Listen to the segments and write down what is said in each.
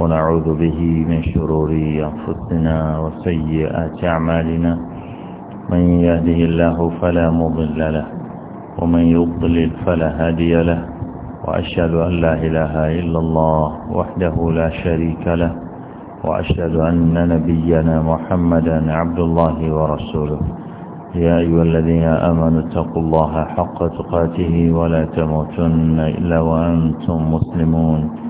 ونعوذ به من شرور أنفسنا وسيئات أعمالنا من يهده الله فلا مضل له ومن يضلل فلا هادي له وأشهد أن لا إله إلا الله وحده لا شريك له وأشهد أن نبينا محمدا عبد الله ورسوله يا أيها الذين آمنوا اتقوا الله حق تقاته ولا تموتن إلا وأنتم مسلمون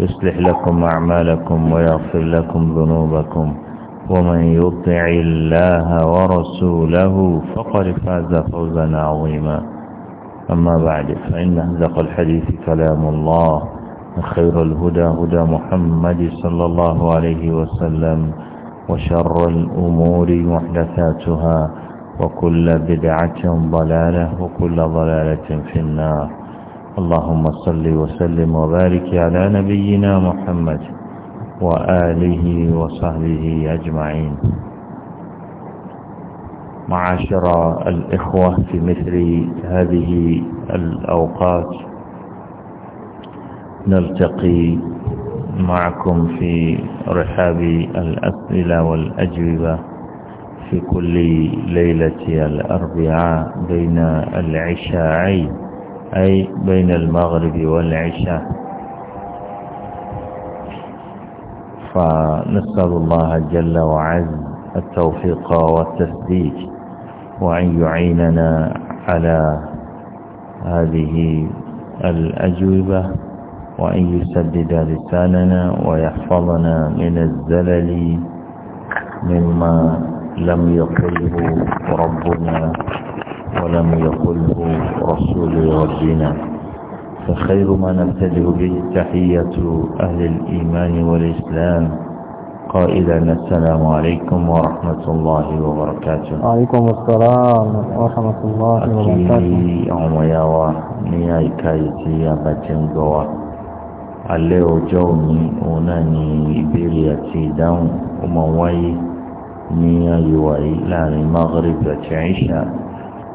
يصلح لكم أعمالكم ويغفر لكم ذنوبكم ومن يطع الله ورسوله فقد فاز فوزا عظيما أما بعد فإن أهزق الحديث كلام الله خير الهدى هدى محمد صلى الله عليه وسلم وشر الأمور محدثاتها وكل بدعة ضلالة وكل ضلالة في النار اللهم صل وسلم وبارك على نبينا محمد وآله وصحبه أجمعين معاشر الإخوة في مثل هذه الأوقات نلتقي معكم في رحاب الأسئلة والأجوبة في كل ليلة الأربعاء بين العشاءين أي بين المغرب والعشاء فنسأل الله جل وعز التوفيق والتسديد وأن يعيننا على هذه الأجوبة وأن يسدد لساننا ويحفظنا من الزلل مما لم يقله ربنا ولم يقله رسول ربنا فخير ما نبتدئ به تحية أهل الإيمان والإسلام قائلا السلام عليكم ورحمة الله وبركاته عليكم السلام ورحمة الله وبركاته أعوى يا نياي كايتي يا باتنقوى alẹ́ ọjọ́ òní òun náà ni ìbéèrè àti ìdáhùn ó máa wáyé ní ayò wáyé láàrin maghrib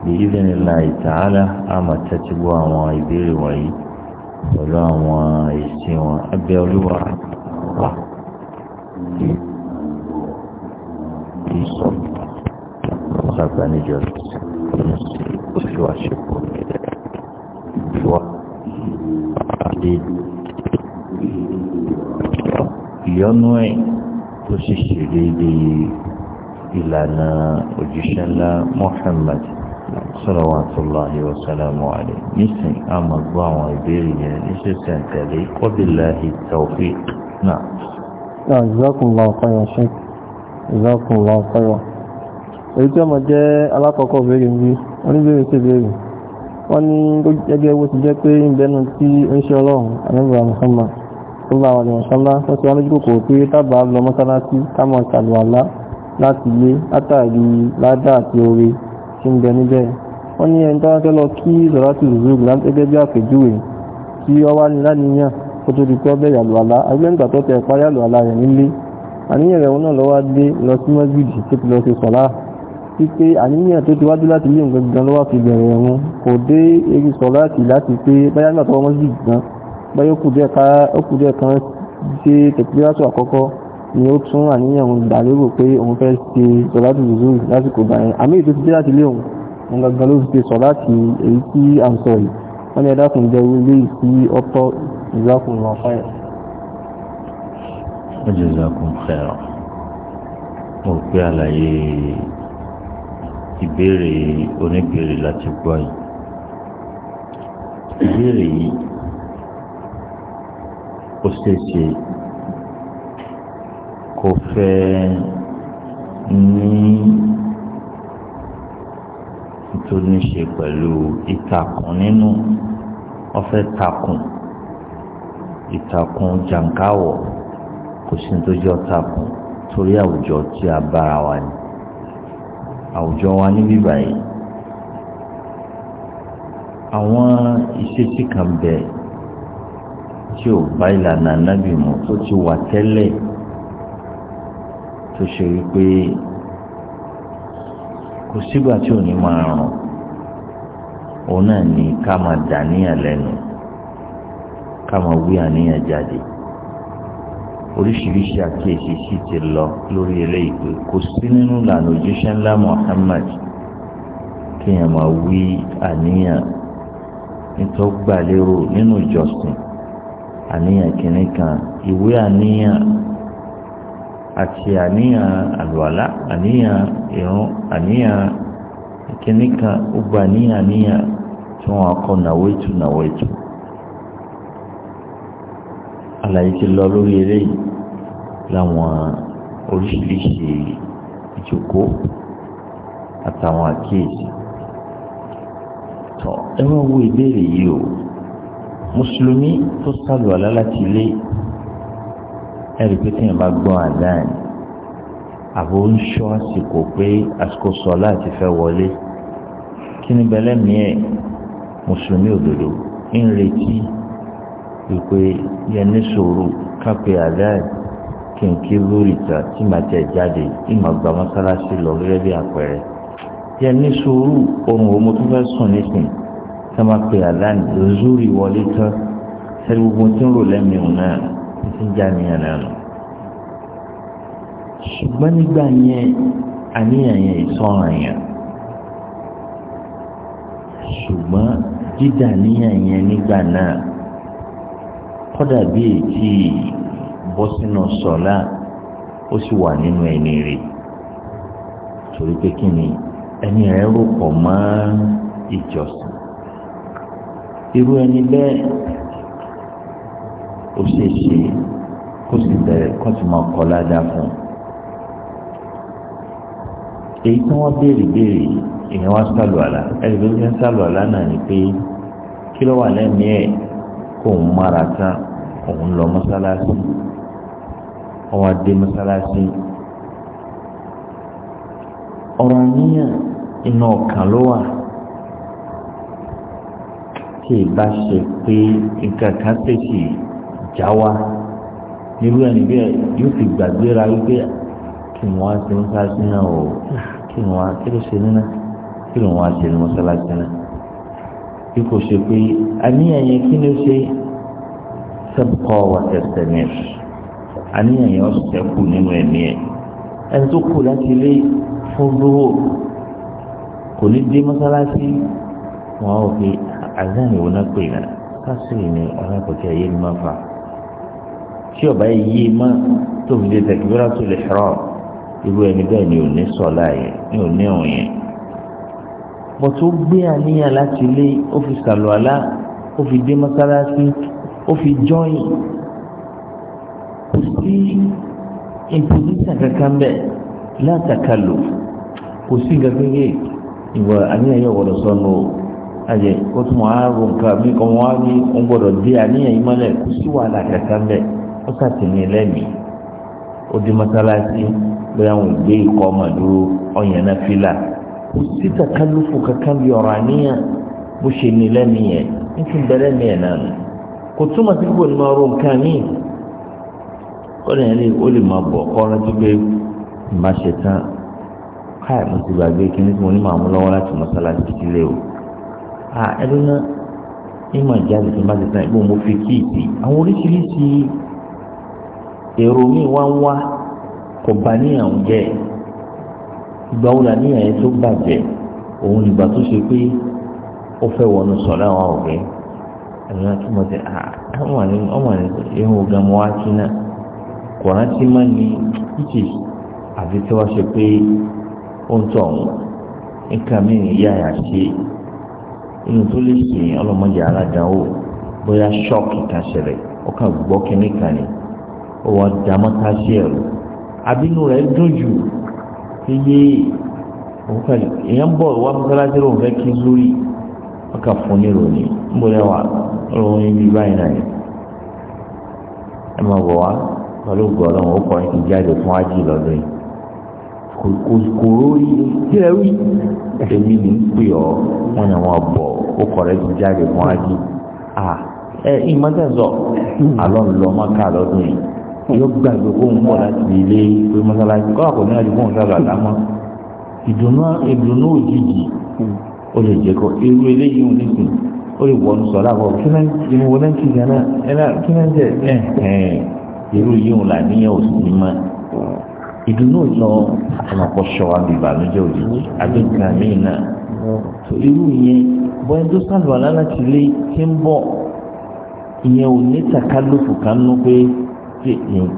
bí idhnillahi ta'ala a máa tẹ́tí gbọ́ àwọn ìbéèrè wọ̀nyí pẹ̀lú àwọn èsì wọn abẹ́ olúwa wà ìsọ̀ ọ̀sàgbà níjọ́ oṣù àṣepọ̀ ìwà àti ìyọnú ẹ̀ tó sì ṣe déédéé ìlànà òjíṣẹ́ ńlá Muhammad salawatullahi wa salamu alayhi nísìn a máa gbọ́ àwọn ìbéèrè yẹn níṣẹ́sẹ̀ tẹ̀lé kọ́bíláhi tawfiq náà. jazakumullahu khairan sheikh jazakumullahu khairan èyí tí ọmọ jẹ́ alákọ̀ọ́kọ́ béèrè ń bí wọ́n ní béèrè sí béèrè wọ́n ní gẹ́gẹ́ owó ti jẹ́ pé ń bẹnu tí ó ń ṣe ọlọ́run àlẹ́bùrà mùsọ́mà tó bá wà ní wọ́n lójú kòkòrò pé tábà lọ mọ́sálásí táwọn ìtàlù àlá láti lé látàrí ládà àti oore tí ń bẹ níbẹ̀ wọ́n ní ẹni tó wá fẹ́ lọ kí zọ̀rátì zuzug gẹ́gẹ́ bí àpèjúwe kí ọ wá ní láníyàn kó tó di pé ọbẹ̀ yàlù àlá agbẹ́ǹgbà tó tẹ parí àlù àlá rẹ̀ nílé àníyàn rẹ̀ wọn náà lọ́wọ́ dé lọ sí mọ́júdì tó ti lọ sí sọ̀lá wípé àníyàn tó ti wájú láti ilé nǹkan gan lọ́wọ́ fi bẹ̀rẹ̀ ẹ̀rùn kò dé eré sọ̀láàtì láti pé báyá nígbà tó wọ́n ni ó tún àníyàn òun ìdàlérò pé òun fẹ́ ṣe sọ̀láàtì zuzuri lásìkò báyẹn àmì ètò ti dé láti lé òun òun gangan ló fi ṣe sọ̀láàtì èyí tí à ń sọ yìí wọ́n ní ẹ̀dá fún ìjẹ́ ilé ìsí ọ̀tọ̀ ìzákùn lọ fáyà. ó jẹ́ ìzákùn fẹ́ràn mo pé àlàyé ìbéèrè oníbéèrè láti gbọ́ yìí ìbéèrè yìí ó ṣeé ṣe kò fẹ́ ní tó ní ṣe pẹ̀lú ìtàkùn nínú ọfẹ́ takùn ìtàkùn jàǹkáwọ̀ kò sí tó jọ takùn torí àwùjọ tí a bára wa ni àwùjọ wa níbí báyìí àwọn ìṣesí kan bẹ tí ò bá ìlànà nábì mu tó ti wà tẹ́lẹ̀ tó ṣe wípé kò sígbà tí ò ní máa rùn òun náà ní ká máa dà níyàn lẹ́nu ká máa wí àníyàn jáde oríṣiríṣi àkíyèsí sì ti lọ lórí eléyìí pé kò sí nínú ìlànà òjíṣẹ́ ńlá Muhammad kéèyàn máa wí àníyàn nítorí gbà lérò nínú ìjọsìn àníyàn kìnnìkan ìwé àníyàn àti àníyàn àlùwàlá àníyàn ìrun àníyàn kíní kan gbogbo àníyàn àníyàn tí wọ́n kọ́ nàwó ètò nàwó ètò àlàyé ti lọ lórí eléyìí láwọn oríṣiríṣi ìjókòó àtàwọn àkíyèsí tọ ẹ wá wo ìbéèrè yìí o mùsùlùmí tó sálù láti ilé ẹ̀rí pé tí yẹn bá gbọ́ àdáyìn àbò ń ṣọ́ àsìkò pé àsìkò sọ láti fẹ́ wọlé kí ni bẹ́lẹ́mìí ẹ̀ mùsùlùmí òdodo ń retí ìpè yẹn ní sòrò kápẹ́ àdáyìn kí n kí lórí ìta tí màá tẹ̀ jáde tí màá gba mọ́sálásí lọ gẹ́gẹ́ bí àpẹẹrẹ yẹn ní sòrò ohun òmu tó fẹ́ sùn nísìn tí wọ́n máa pè àdáyìn lórí wọlé tán ẹ̀rí gbogbo tí ń rò lẹ́mìí òun náà ìjà nìyẹn lẹ́nu ṣùgbọ́n nígbà yẹn àníyàn yẹn ìsọ̀ràn yẹn ṣùgbọ́n dídà níyàn yẹn nígbà náà kọ́dà bí èyí bọ́ sínú sọ̀lá ó sì wà nínú ẹni rẹ̀ torí pé kí ni ẹni rẹ̀ rò pọ̀ mọ́ ìjọsìn irú ẹni bẹ́ẹ̀ ó ṣe é ṣe kó sì bẹ̀rẹ̀ kó sì máa kọ́ ládàá fún un. èyí tí wọ́n béèrè béèrè èèyàn wá sálù àlá ẹ̀rí bí wọ́n sálù àlá náà ni pé kí ló wà lẹ́mìí ẹ̀ kó òun mára tán òun lọ mọ́sálásí ọwọ́ adé mọ́sálásí ọ̀rọ̀ àníyàn iná ọ̀kan ló wà tí ì bá ṣe pé nǹkan kan ṣèṣì yìí já wa irú ẹni bẹ́ẹ̀ yóò fi gbàgbéra wípé kí ni wọ́n á ṣe mọ́ṣáláṣí náà o kí ni wọ́n á kí ló ṣe nínú kí ni wọ́n á ṣe ní mọ́ṣáláṣí náà bí kò ṣe pé àníyàn yẹn kí ni ó ṣe sẹ́pùkọ́ wa ẹ̀sẹ̀ ní ẹ̀sùn àníyàn yẹn ó sẹ́kù nínú ẹ̀mí ẹ̀ ẹni tó kù láti ilé fún lówó kò ní dé mọ́ṣáláṣí wọn ò fi àdáyẹ̀wò náà pè náà ká sì ní ọlọ́pàá kí ayé ni máa fà á tí ọba yìí má tó fi lè tẹkibíra tó lè ṣọ́rọ̀ irú ẹni bẹ́ẹ̀ ni ò ní sọ́lá yẹn ni ò ní òun yẹn. bọ́tú gbé àníyàn láti ilé ó fi sàlùwàlá ó fi dé mọ́sálásí ó fi jọ́yìn kò sí ìpòsíṣà kankan bẹ́ẹ̀ látàkàlò kò sí gàgbége ìwà àníyàn yóò wọ̀dọ̀ sọnù àjẹ kó tó mọ̀ á rò nǹkan mi kọ́ wọ́n á ní ń gbọ́dọ̀ dé àníyàn yìí mọ́lẹ̀ kò sí wàhálà kankan bẹ́ẹ̀. ó sàtìní lẹ́mìí ó di mọ́sálásí bóyá wọn gbé ikọ̀ ọmọ ọ̀yàn náà fílà kò sí kankan bí ọ̀rọ̀ àníyàn bó ṣe ní lẹ́mìí yẹn ní ti bẹ̀rẹ̀ ní ẹ̀ náà kò túmọ̀ sí nǹkan ó lè ó lè máa bọ̀ má ṣe ti gbàgbé mo ní màá mú lọ́wọ́ o náà ìmọ̀ má ṣe tán èrò mi wá ń wá kò bá níyàwó jẹ ìgbà wo la níyàwó tó bàjẹ́ òun ìgbà tó ṣe pé ó fẹ́ wọnú sọ̀rọ̀ àwọn ọ̀gbẹ́ ẹ̀rọ náà túmọ̀ sí ya ah, àní ọmọ àní ìhun ọ̀gán mọ́ ákí náà kò rántí má ní títì àti tí wọ́n ṣe pé ó ń tọ̀ ọ̀hún nǹkan mìíràn yá yà ṣe inú tó lè ṣe ọlọ́mọdé aládàáwò ọwọ́ dàmọ́tàṣí abinu àbínú rẹ̀ dùn jù iye òǹfẹ̀lẹ̀ èèyàn bọ̀ wá mọ́sálásí ń fẹ́ kí lórí ọkà fún ní ìròyìn ń bọ̀ yẹn ibi báyìí náà yẹn máa bọ̀ wá pẹ̀lú gbọ́dọ̀ ó kọ́ ẹ̀kí fún ájì lọ́dún yìí kòkòrò ìtẹ́rí èmi ní pè ọ́ wọ́n ni bọ̀ ó rẹ̀ fún ájì ẹ ìmọ̀tẹ́sọ̀ ń lọ mọ́ká lọ́dún yìí yóò gbàgbé kó ń bọ̀ láti ilé pé mọ́sálásí kọ́lá kò ní láti kó ń sábà lámọ́ ìdùnnú ìdùnnú òjijì hmm. ó lè jẹ́ kọ́ irú eléyìí ò ní sùn ó lè wọ́n sọ láàbọ̀ kí náà ìmọ̀ wọlé ń kíkà náà ẹ̀rá kí náà jẹ́ ẹ̀hẹ̀n irú yìí ò làníyàn ò sì ní mọ́ ìdùnnú ìlọ ọ̀nàpọ̀ ṣọwá ìbànújẹ́ òjijì àdókòkà míì náà irú yẹn bọ́ẹ̀ tó sálùwà lálàtìlé tí ń bọ̀ ìyẹn ò ní tàkálùfù kan nú pé tí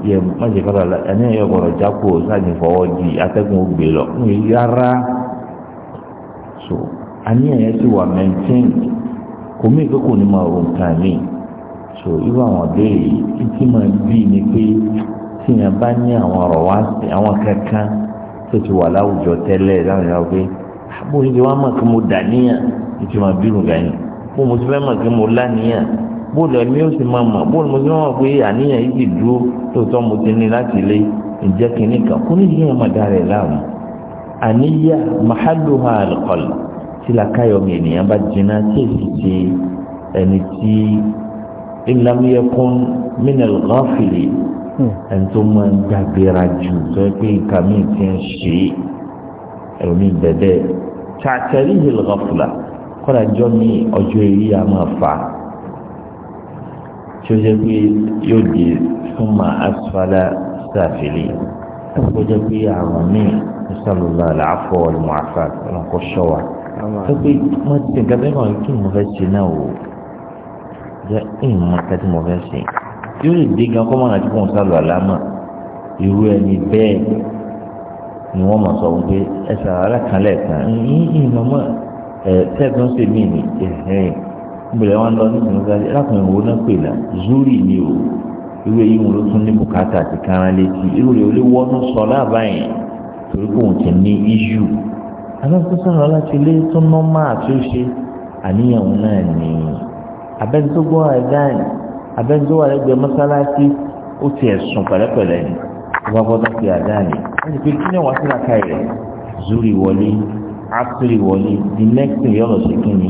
ìyẹ mọ̀jì kọ́ra la ẹni ẹ̀yọ́ gbọ́dọ̀ jákò sáàjì fọwọ́ di atẹ́gùn ògbè lọ ń yí rárá so àní ẹ̀yẹ ti wà mẹ́ntín kò mí ìkókò ní máa ro nǹkan mi so irú àwọn béèrè títí máa bí ni pé tí yẹn bá ní àwọn ọ̀rọ̀ wá sí àwọn kankan tó ti wà láwùjọ tẹ́lẹ̀ láwọn ìyá pé àbúrò ìdí wa mọ̀ kí mo dà níyà ìtì máa bí nǹkan yìí mo ti fẹ́ mọ̀ kí mo lá níyà bóòlù ẹ̀mí ó sì máa mọ̀ bóòlù mo sì máa mọ̀ pé àníyàn yìí ti dúró lóòótọ́ mo ti ní láti lé ìjẹ́ kínní kan kó ní ìyẹn máa dára ẹ̀ láàmú àníyà mahaluha alqal tí làkàyọ̀mí ènìyàn bá jiná tí èsì ti ẹni tí ìlàmúyẹkùn mínal ghafili hmm. ẹni tó máa ń gbàgbéra jù tó pé nǹkan míì ti ń ṣe ẹ̀rọmí bẹ̀bẹ̀ tààtẹ̀rí ìlọ́fùlà kọ́ra jọ́ ní ọjọ́ eré a máa tí ó jẹ́ pé yóò di súnmọ́ asfala sáfìlì tó jẹ́ pé àrùn míì sálùlá àlàáfọ̀ ọ̀lùmọ̀ọ́fà ọ̀nàkọ́ ṣọ́wà tó pé wọ́n ti tẹ̀ka bẹ́ẹ̀ náà kí mo fẹ́ ṣe náà o jẹ́ ìmọ̀ kẹ́tí mo fẹ́ ṣe yóò lè dé gan kọ́mọ́nà tí wọ́n sálù àlámà irú ẹni bẹ́ẹ̀ ni wọ́n mọ̀ sọ wípé ẹ̀sà alákànlẹ̀ kan ìyìn ìmọ̀mọ́ ẹ̀ tẹ́ẹ̀tún gbèrè wọn lọ nínú ìgbà yẹn lákùnrin náà pè náà zuri ni o ìwé yìí wọn ló tún ní bùkátà àti kárán létí irú rẹ̀ ó lé wọnú sọ láàbáyìn torí kò wọn ti ní iṣu alákòóso náà láti lé tó nọ́mà tí ó ṣe àníyàn náà ní abẹ́ni gbọ́ ẹ̀dáìn abẹ́ni tó wà lẹ́gbẹ̀ẹ́ mọ́sálásí ó ti ẹ̀sùn pẹ̀lẹ́pẹ̀lẹ́ ni wọ́n gbọ́dọ̀ fi àdáìn ẹni pé kí ni wọ́n ti ràkà rẹ̀ zuri wọlé asiri wọlé the next thing yọ̀rọ̀ ṣe kí ni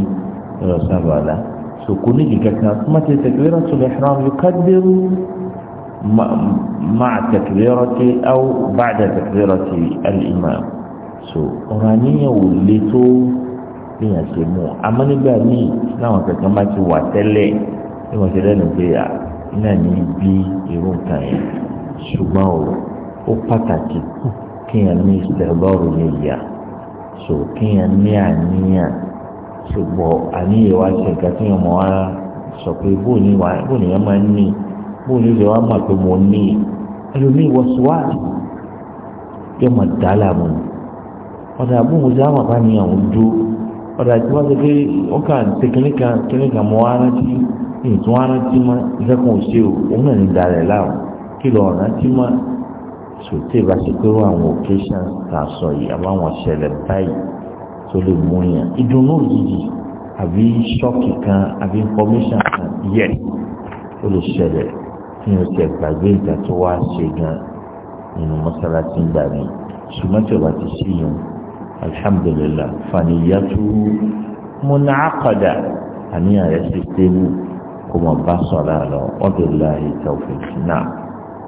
yọ̀rọ̀ sábà lá so kò ní ìkẹkàn tó má ti tẹkìlẹ́rọ̀ tó lè ṣe àwọn yukaddiru máa tẹkìlẹ́rọ̀ tí áwò bá dà tẹkìlẹ́rọ̀ tí alìmọ̀ so ọ̀rọ̀ àníyàn ò lè tó èèyàn ṣe mú àmọ́ nígbà míì láwọn kẹ̀kẹ́ má ti wà tẹ́lẹ̀ ní wọ́n ṣe lẹ́nu pé à náà ní bí irú nǹkan yẹn ṣùgbọ́n o ó pàtàkì kéèyàn ní ìṣẹ̀lọ́rù yẹn yà so kéèyàn ní àníyàn ṣùgbọ́n àníyàn wa ṣe nǹkan tí wọ́n wá sọ pé bó ni wà bó ni wọ́n máa ń ní bó ni wọ́n máa pé mo ní ẹlòmíì wọ́n sọ wá yóò máa dá láàmú ọ̀dà àbúrò sí àwọn àbá ni àwọn dúró ọ̀dà tí wọ́n ti pé wọ́n kà ń tẹ kíníkà kíníkà mọ́ arántí ìtún arántí mọ́ ìkẹ́kọ̀ọ́ ṣe o òun náà ní dalẹ̀ láwọn kí lọ rántí mọ́ sòtè bá ṣe àwọn occasions tà yìí àbáwọn ṣẹlẹ̀ báyìí tó lè mú yàn ìdùnnú yìí àbí ṣọ́ọ̀kì kan àbí information kan yẹ ó lè ṣẹlẹ̀ kí n ṣe gbàgbé ìgbà tó wá ṣe gan nínú mọ́sálásí ń gbà mí ṣùgbọ́n tí o bá ti ṣí yàn alhamdulillah faniyatu munaqada àníyàn rẹ̀ ṣe tẹ́wù kó mọ̀ bá sọ̀rọ̀ àlọ́ ọ̀dọ̀ láàyè tàwọn fèsì náà.